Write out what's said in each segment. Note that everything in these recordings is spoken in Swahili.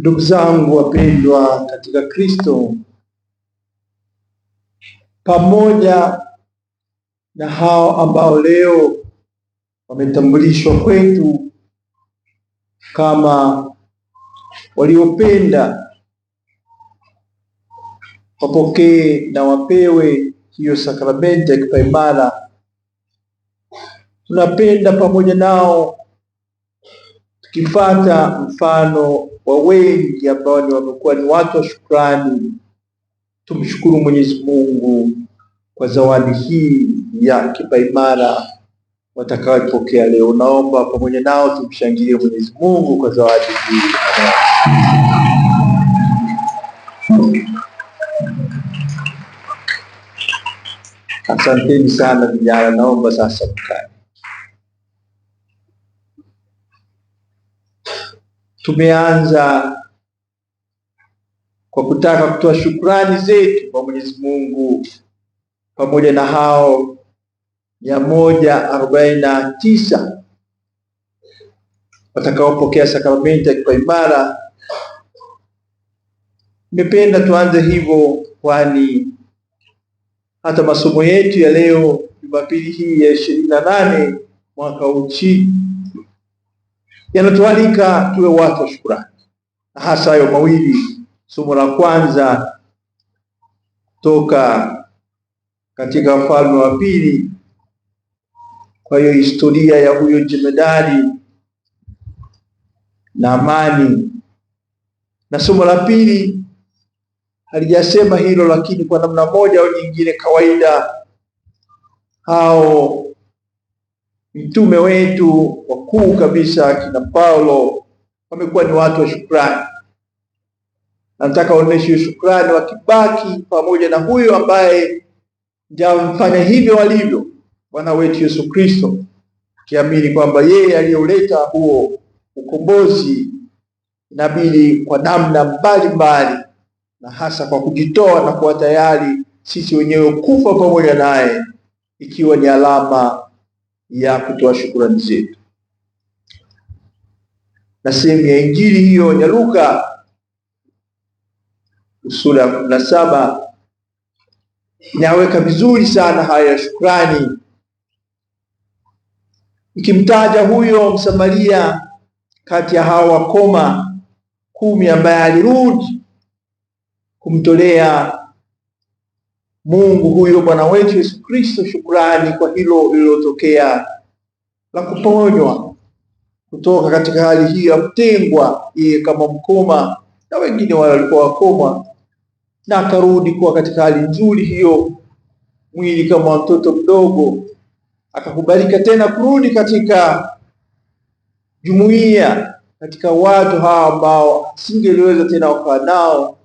Ndugu zangu wapendwa katika Kristo, pamoja na hao ambao leo wametambulishwa kwetu kama waliopenda wapokee na wapewe hiyo sakramenti ya kipaimara, tunapenda pamoja nao tukifata mfano wa wengi ambao ni wamekuwa ni watu wa shukrani. Tumshukuru Mwenyezi Mungu kwa zawadi hii ya kipaimara watakaoipokea leo. Naomba pamoja nao tumshangilie Mwenyezi Mungu kwa zawadi hii. Asanteni sana vijana, naomba sasa mkae. Tumeanza kwa kutaka kutoa shukrani zetu kwa Mwenyezi Mungu pamoja na hao mia moja arobaini na tisa watakaopokea sakramenti ya kipaimara. Nimependa tuanze hivyo, kwani hata masomo yetu ya leo Jumapili hii ya ishirini na nane mwaka uchi yanatualika tuwe watu wa shukurani, na hasa hayo mawili. Somo la kwanza toka katika Wafalme wa Pili, kwa hiyo historia ya huyo jemedari na amani, na somo la pili halijasema hilo, lakini kwa namna moja au nyingine, kawaida hao mtume wetu wakuu kabisa kina Paulo wamekuwa ni watu wa shukrani. Nataka waoneshe shukrani wakibaki pamoja na huyo ambaye ndiye amfanya hivyo walivyo, Bwana wetu Yesu Kristo, kiamini kwamba yeye aliyoleta huo ukombozi inabidi kwa namna mbalimbali mbali, na hasa kwa kujitoa na kuwa tayari sisi wenyewe kufa pamoja naye, ikiwa ni alama ya kutoa shukrani zetu, na sehemu ya injili hiyo ya Luka sura ya kumi na saba inaweka vizuri sana haya ya shukrani, ikimtaja huyo Msamaria kati ya hawa wakoma kumi ambaye alirudi kumtolea Mungu huyo Bwana wetu Yesu Kristo, shukrani kwa hilo lililotokea la kuponywa kutoka katika hali hii ya kutengwa, yeye kama mkoma na wengine wale walikuwa wakoma, na akarudi kuwa katika hali nzuri hiyo, mwili kama mtoto mdogo, akakubalika tena kurudi katika jumuiya, katika watu hawa ambao asingeliweza tena wakawa nao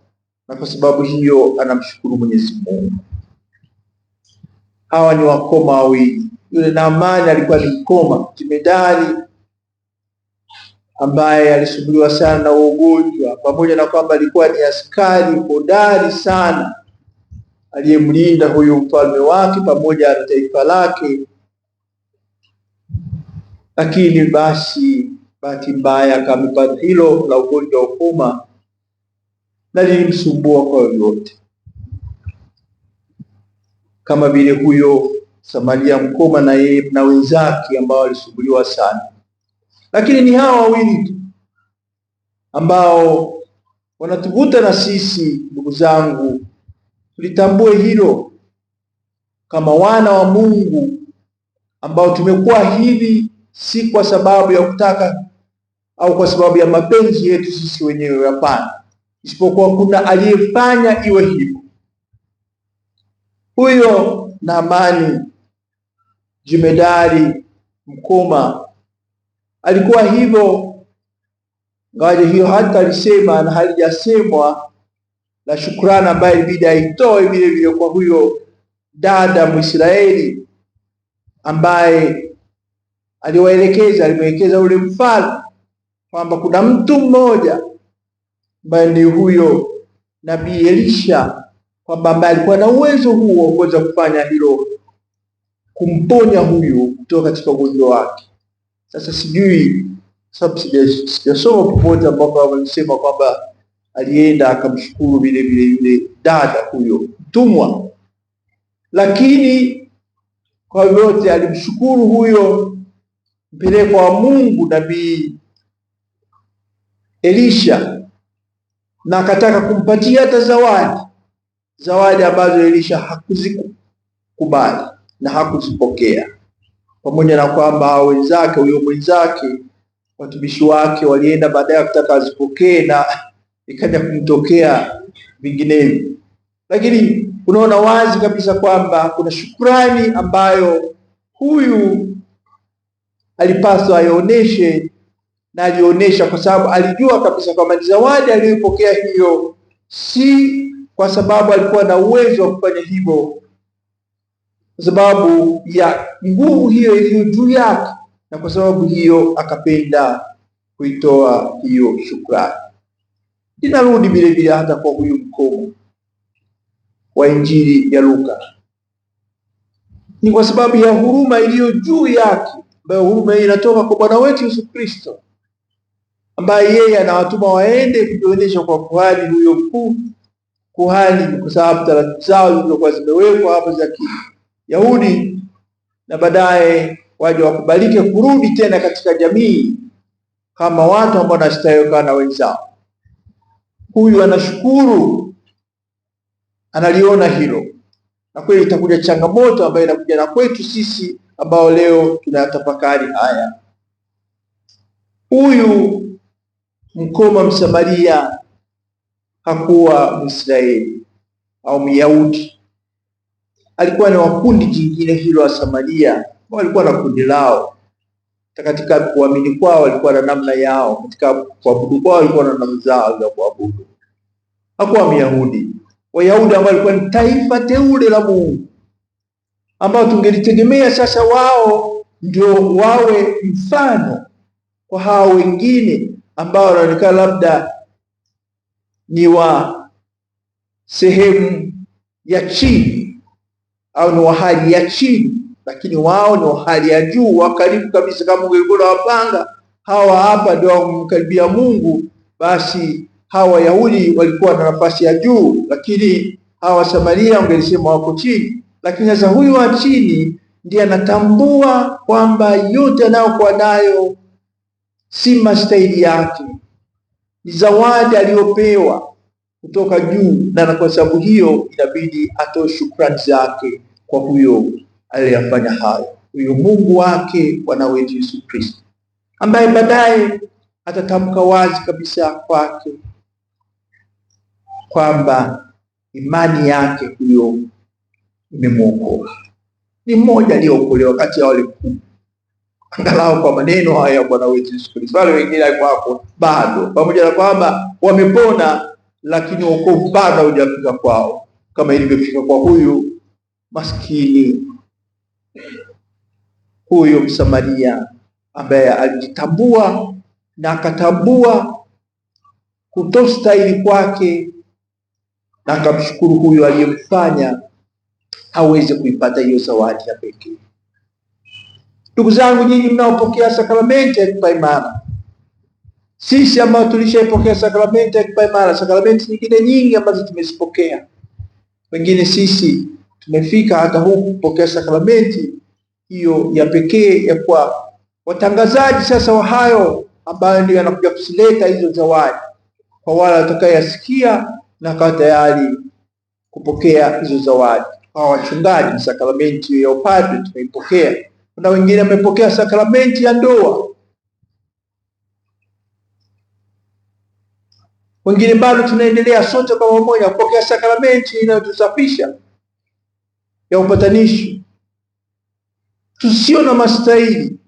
na kwa sababu hiyo anamshukuru Mwenyezi Mungu. Hawa ni wakoma wawili. Yule Naamani alikuwa ni mkoma jemedari ambaye alisumbuliwa sana na ugonjwa, pamoja na kwamba alikuwa ni askari hodari sana aliyemlinda huyu mfalme wake pamoja na taifa lake, lakini basi bahati mbaya akamepata hilo la ugonjwa wa ukoma na lilimsumbua kwa yoyote, kama vile huyo Samaria mkoma na yeye na wenzake ambao walisumbuliwa sana. Lakini ni hawa wawili tu ambao wanatuvuta na sisi. Ndugu zangu, tulitambue hilo kama wana wa Mungu ambao tumekuwa hivi, si kwa sababu ya kutaka au kwa sababu ya mapenzi yetu sisi wenyewe, hapana isipokuwa kuna aliyefanya iwe hivyo. Huyo Naamani jimedari mkoma alikuwa hivyo, ngawaje hiyo hata alisema na halijasemwa na shukrani ambaye ilibidi aitoe vile vile kwa huyo dada Mwisraeli ambaye aliwaelekeza, alimwelekeza ule mfalme kwamba kuna mtu mmoja ambaye ni huyo nabii Elisha kwamba ambaye alikuwa na uwezo huo kuweza kufanya hilo, kumponya huyu kutoka katika ugonjwa wake. Sasa sijui sababu sijasoma popote ambapo wamesema kwamba alienda akamshukuru vile vile yule dada huyo mtumwa, lakini kwa vyote alimshukuru huyo mpelekwa wa Mungu nabii Elisha na akataka kumpatia hata zawadi, zawadi ambazo Elisha hakuzikubali na hakuzipokea, pamoja na kwamba wenzake, huyo mwenzake, watumishi wake walienda baadaye kutaka azipokee na ikaja kumtokea vinginevyo, lakini unaona wazi kabisa kwamba kuna shukrani ambayo huyu alipaswa aionyeshe na alionyesha, kwa sababu alijua kabisa kwamba zawadi aliyoipokea hiyo si kwa sababu alikuwa na uwezo wa kufanya hivyo, kwa sababu ya nguvu hiyo iliyo juu yake, na kwa sababu hiyo akapenda kuitoa hiyo shukrani. Inarudi vile vile hata kwa huyu mkomo wa Injili ya Luka, ni kwa sababu ya huruma iliyo juu yake, ambayo huruma hii inatoka kwa Bwana wetu Yesu Kristo, ambaye yeye anawatuma waende kujionyesha kwa kuhani huyo mkuu. Kuhani kwa sababu taratibu zao zilizokuwa zimewekwa hapo za Kiyahudi, na baadaye waje wakubalike kurudi tena katika jamii kama watu ambao wanastahili na wenzao. Huyu anashukuru, analiona hilo, na kweli itakuja changamoto ambayo inakuja na kwetu sisi ambao leo tunayatafakari haya. Huyu Mkoma Msamaria hakuwa Mwisraeli au Myahudi, alikuwa na wakundi jingine hilo wa Samaria, walikuwa na kundi lao. Katika kuamini kwao walikuwa na namna yao, katika kuabudu kwao walikuwa na namna zao za kuabudu. Hakuwa Myahudi. Wayahudi ambao walikuwa ni taifa teule la Mungu, ambao tungelitegemea sasa wao ndio wawe mfano kwa hao wengine ambao wanaonekana labda ni wa sehemu ya chini au ni wa hali ya chini, lakini wao ni wa hali ya juu, wa karibu kabisa. Kama ungelikuwa wapanga hawa hapa ndio wamkaribia Mungu, basi hawa Wayahudi walikuwa na nafasi ya juu, lakini hawa Wasamaria ungelisema wako chini. Lakini sasa huyu wa chini ndiye anatambua kwamba yote anayokuwa nayo si mastahili yake, ni zawadi aliyopewa kutoka juu, na kwa sababu hiyo inabidi atoe shukrani zake kwa huyo aliyafanya hayo, huyo Mungu wake Bwana wetu Yesu Kristo, ambaye baadaye atatamka wazi kabisa kwake kwamba imani yake huyo imemwokoa. Ni mmoja aliyeokolewa kati ya wale kumi angalau kwa maneno haya ya Bwana wetu Yesu Kristo. Wale wengine hapo bado, pamoja na kwamba wamepona, lakini wokovu bado haujafika kwao kama ilivyofika kwa huyu maskini, huyu Msamaria ambaye alijitambua na akatambua kutostahili kwake na akamshukuru huyu aliyemfanya aweze kuipata hiyo zawadi ya pekee. Ndugu zangu, nyinyi mnaopokea sakramenti ya kipaimara, sisi ambao tulishaipokea sakramenti ya kipaimara, sakramenti nyingine nyingi ambazo tumezipokea, wengine sisi tumefika hata huku kupokea sakramenti hiyo ya pekee ya kwa watangazaji sasa wa hayo ambayo ndio yanakuja kusileta hizo zawadi kwa wale watakayasikia na kawa tayari kupokea hizo zawadi. Hawa wachungaji sakramenti ya upadre tumeipokea kuna wengine wamepokea sakramenti ya ndoa, wengine bado tunaendelea sote kwa pamoja kupokea sakramenti inayotusafisha ya upatanishi. Tusio na mastahili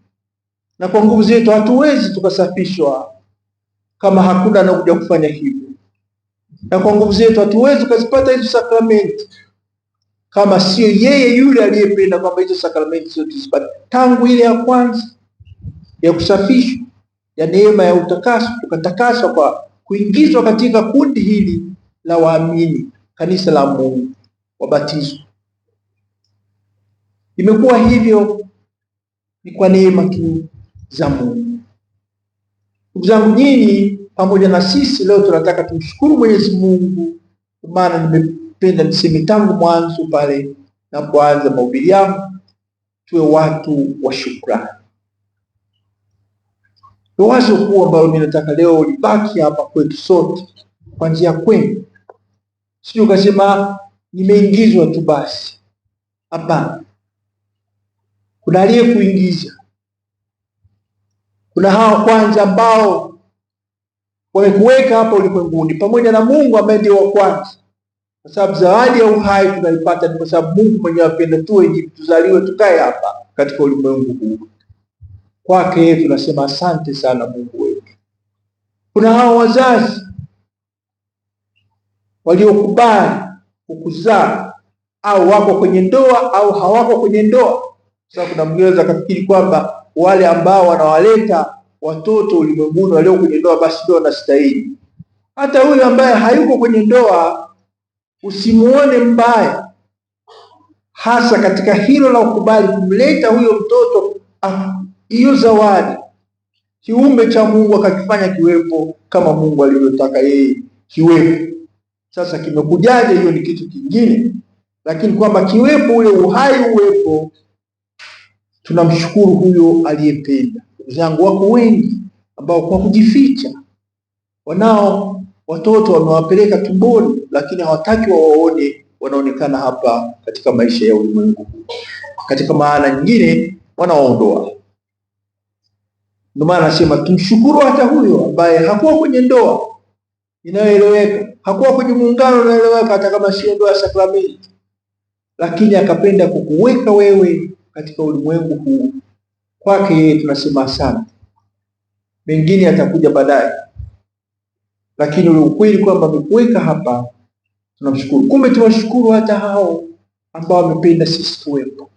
na kwa nguvu zetu hatuwezi tukasafishwa kama hakuna anakuja kufanya hivyo, na kwa nguvu zetu hatuwezi tukazipata hizo sakramenti kama sio yeye yule aliyependa kwamba hizo sakramenti zote zipate tangu ile ya kwanza ya kusafishwa ya neema ya utakaso, tukatakaswa kwa kuingizwa katika kundi hili la waamini, kanisa la Mungu, wabatizwa. Imekuwa hivyo ni kwa neema tu za Mungu. Ndugu zangu, nyinyi pamoja na sisi leo tunataka tumshukuru Mwenyezi Mungu, maana nime Ningependa niseme tangu mwanzo pale napoanza mahubiri yangu, tuwe watu wa shukrani. Ndio wazo kuu ambalo mimi nataka leo libaki hapa kwetu sote kwa njia kwenu, sio ukasema nimeingizwa tu basi. Hapana, kuna aliyekuingiza, kuna hawa kwanza ambao wamekuweka hapa ulimwenguni pamoja na Mungu ambaye ndiye wa kwanza kwa sababu zawadi ya uhai tunaipata ni kwa sababu Mungu mwenyewe apenda tuwe hivi, tuzaliwe, tukae hapa katika ulimwengu huu. Kwake yeye tunasema asante sana Mungu wetu. Kuna hao wazazi waliokubali kukuzaa au wako kwenye ndoa au hawako kwenye ndoa. Sasa kuna mgeweza akafikiri kwamba wale ambao wanawaleta watoto ulimwenguni walio kwenye ndoa basi ndio wanastahili. Hata huyu ambaye hayuko kwenye ndoa usimuone mbaya, hasa katika hilo la ukubali kumleta huyo mtoto ah, hiyo zawadi. Kiumbe cha Mungu akakifanya kiwepo kama Mungu alivyotaka yeye kiwepo. Sasa kimekujaje? Hiyo ni kitu kingine, lakini kwamba kiwepo ule uhai uwepo, tunamshukuru huyo aliyependa. Ndugu zangu, wako wengi ambao kwa kujificha wanao watoto wamewapeleka tumboni, lakini hawataki wawaone wanaonekana hapa katika maisha ya ulimwengu huu. Katika maana nyingine, wanawaondoa. Ndio maana anasema tumshukuru hata huyo ambaye hakuwa kwenye ndoa inayoeleweka, hakuwa kwenye muungano unaoeleweka, hata kama si ndoa ya sakramenti, lakini akapenda kukuweka wewe katika ulimwengu huu. Kwake yeye tunasema asante, mengine yatakuja baadaye lakini ule ukweli kwamba amekuweka hapa, tunamshukuru. Kumbe tunashukuru hata hao ambao wamependa sisi kuwepo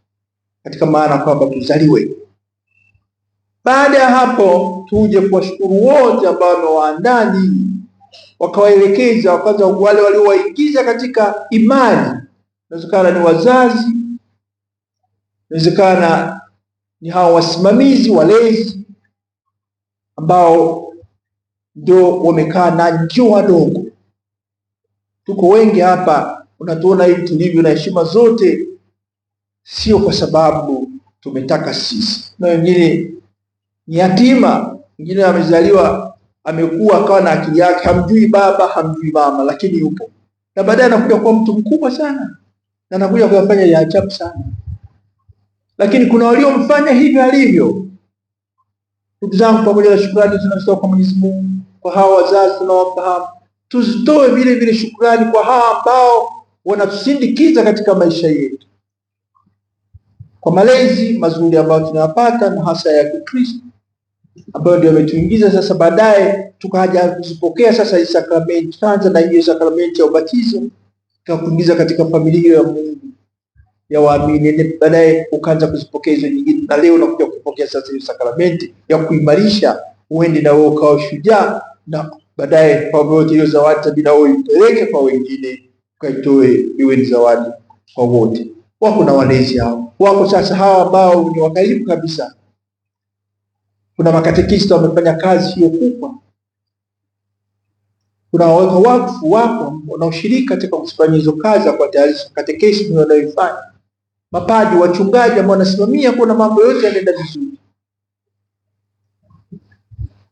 katika maana kwamba tuzaliwe. Baada ya hapo, tuje kuwashukuru wote ambao wamewaandaa ninyi, wakawaelekeza, wakaza wale waliowaingiza katika imani. Inawezekana ni wazazi, inawezekana ni hao wasimamizi, walezi ambao ndio wamekaa na njoo wadogo. Tuko wengi hapa, unatuona hivi tulivyo na heshima zote, sio kwa sababu tumetaka sisi, na wengine ni yatima, wengine amezaliwa amekuwa akawa na akili yake, hamjui baba hamjui mama, lakini yupo, na baadaye anakuja kuwa mtu mkubwa sana na anakuja kuyafanya ya ajabu sana, lakini kuna waliomfanya hivyo alivyo. Ndugu zangu, pamoja na shukrani tunazitoa kwa Mwenyezi Mungu kwa hawa wazazi tunawafahamu, tuzitoe vile vile shukrani kwa hawa ambao wanatusindikiza katika maisha yetu, kwa malezi mazuri ambayo tunayapata na hasa ya Kikristo ambayo ndio ametuingiza sasa baadaye tukaja kuzipokea sasa hii sakramenti tanza na hiyo sakramenti ya ubatizo tukakuingiza katika familia ya Mungu ya waamini, baadaye ukaanza kuzipokea hizo nyingine, na leo unakuja kupokea sasa hiyo sakramenti ya kuimarisha uende na wewe ukawa shujaa na baadaye pamoja hiyo zawadi Sabina wewe ipeleke kwa wengine, kaitoe iwe ni zawadi kwa wote. Wako na walezi hao, wako sasa hawa ambao ni wakaribu kabisa. Kuna makatekista wamefanya kazi hiyo kubwa, kuna waweka wakfu wako wanaoshiriki katika kufanya hizo kazi za kuwatayarisha katekesi wanaoifanya, mapadi, wachungaji ambao wanasimamia kuona mambo yote yanaenda vizuri.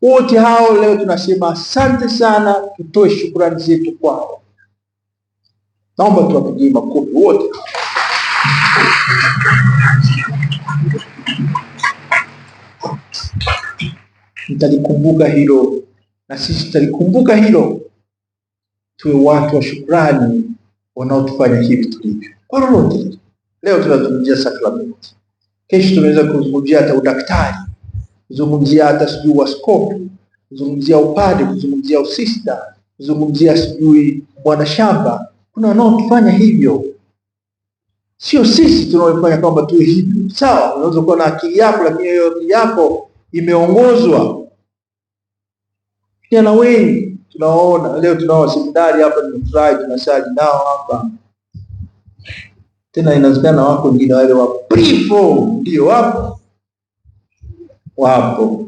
Wote hao leo tunasema asante sana, tutoe shukrani zetu kwao. Naomba tuwapigie makofi wote. Mtalikumbuka hilo na sisi tutalikumbuka hilo, tuwe watu wa shukrani wanaotufanya hivi tulivyo kwa lolote. Leo tunazungumzia sakramenti, kesho tunaweza kuzungumzia hata udaktari kuzungumzia hata sijui waskofu, kuzungumzia upade, kuzungumzia usista, kuzungumzia sijui bwana shamba. Kuna wanaofanya hivyo, sio sisi tunaofanya kwamba tuwe hivyo. Sawa, unaweza kuwa na akili yako, lakini hiyo akili yako imeongozwa kijana wengi tunawaona leo, tunao waseminari hapa, nimefurahi, tunasali nao hapa tena. Inawezekana wako wengine wale wa prifo ndio wapo wapo.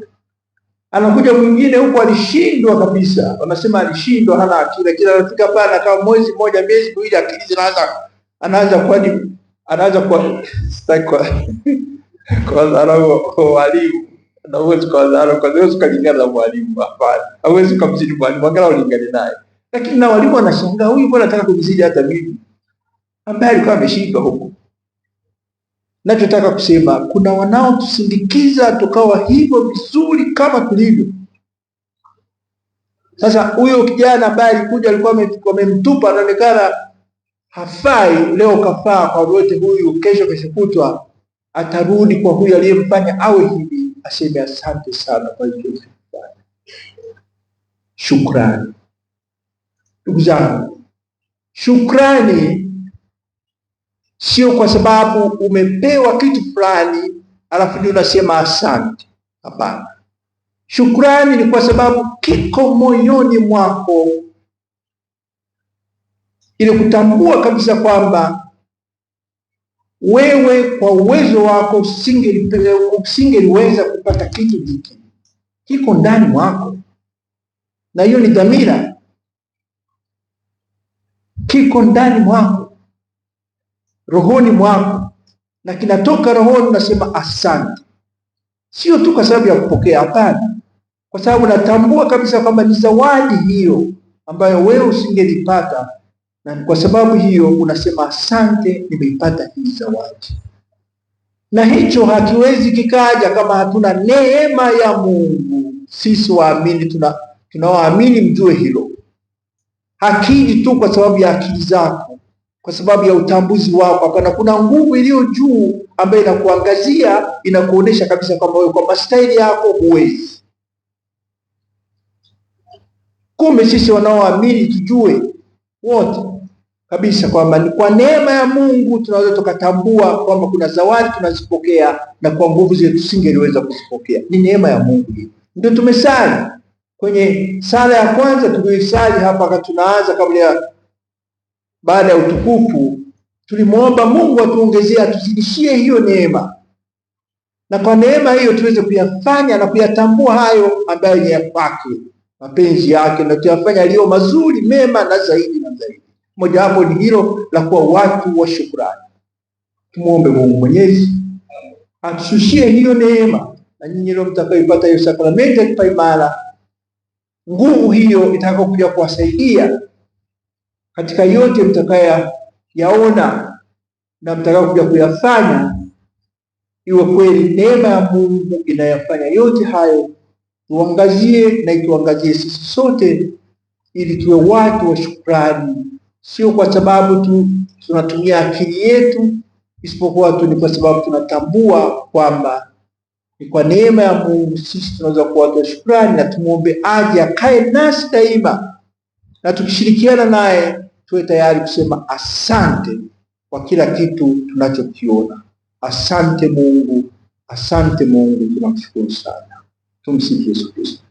Anakuja mwingine huko alishindwa kabisa, wanasema alishindwa, hana akili. Kila anafika pale kama mwezi mmoja, miezi miwili, akili zinaanza anaanza kwani anaanza kwa sitaki kwa kwa dharau walimu na uwezi kwa dharau kwa uwezi kulingana na walimu, hapana, hawezi kumzidi mwalimu, angalau ulingane naye. Lakini na walimu wanashangaa, huyu bwana anataka kumzidi hata mimi ambaye alikuwa ameshindwa huko Nachotaka kusema kuna wanaotusindikiza tukawa hivyo vizuri kama tulivyo sasa. Huyo kijana ambaye alikuja alikuwa amemtupa anaonekana hafai, leo kafaa kwa wote huyu, kesho kesho kutwa atarudi kwa huyu aliyemfanya awe hivi, aseme asante sana kwa hiyo shukrani. Ndugu zangu, shukrani sio kwa sababu umepewa kitu fulani alafu ndio unasema asante. Hapana, shukrani ni kwa sababu kiko moyoni mwako, ili kutambua kabisa kwamba wewe kwa uwezo wako usingeliweza kupata kitu hiki, kiko ndani mwako, na hiyo ni dhamira, kiko ndani mwako rohoni mwangu na kinatoka rohoni, nasema asante. Sio tu kwa sababu ya kupokea, hapana, kwa sababu natambua kabisa kwamba ni zawadi hiyo ambayo wewe usingelipata, na kwa sababu hiyo unasema asante, nimeipata hii zawadi. Na hicho hakiwezi kikaja kama hatuna neema ya Mungu. Sisi waamini tuna tunaoamini, mjue hilo, hakiji tu kwa sababu ya akili zako kwa sababu ya utambuzi wako hapana. Kuna nguvu iliyo juu ambayo inakuangazia inakuonesha kabisa kwamba wewe kwa mastaili yako huwezi. Kumbe sisi wanaoamini tujue wote kabisa kwamba ni kwa neema ya Mungu tunaweza tukatambua kwamba kuna zawadi tunazipokea, na kwa nguvu zetu tusingeliweza kuzipokea. Ni neema ya Mungu, ndio tumesali kwenye sala ya kwanza tuliyoisali hapa, tunaanza kabla ya baada ya utukufu, tulimwomba Mungu atuongezee, atuzidishie hiyo neema, na kwa neema hiyo tuweze kuyafanya na kuyatambua hayo ambayo ni ya kwake, mapenzi yake, na tuyafanya yaliyo mazuri, mema na zaidi na zaidi. Mojawapo ni hilo la kuwa watu wa shukrani. Tumuombe Mungu Mwenyezi atushushie hiyo neema, na nyinyi leo mtakayoipata hiyo sakramenti ya kipaimara, nguvu hiyo itakayokuja kuwasaidia katika yote mtakaya yaona na mtakao kuja kuyafanya, iwe kweli neema ya Mungu inayafanya yote hayo, tuangazie na ituangazie sisi sote, ili tuwe watu wa shukrani, sio kwa sababu tu tunatumia akili yetu, isipokuwa tu ni kwa sababu tunatambua kwamba ni kwa neema ya Mungu sisi tunaweza kuwa watu wa shukrani, na tumwombe aje akae nasi daima na tukishirikiana naye tuwe tayari kusema asante kwa kila kitu tunachokiona. Asante Mungu, asante Mungu, tunamshukuru sana. Tumsifu Yesu Kristo.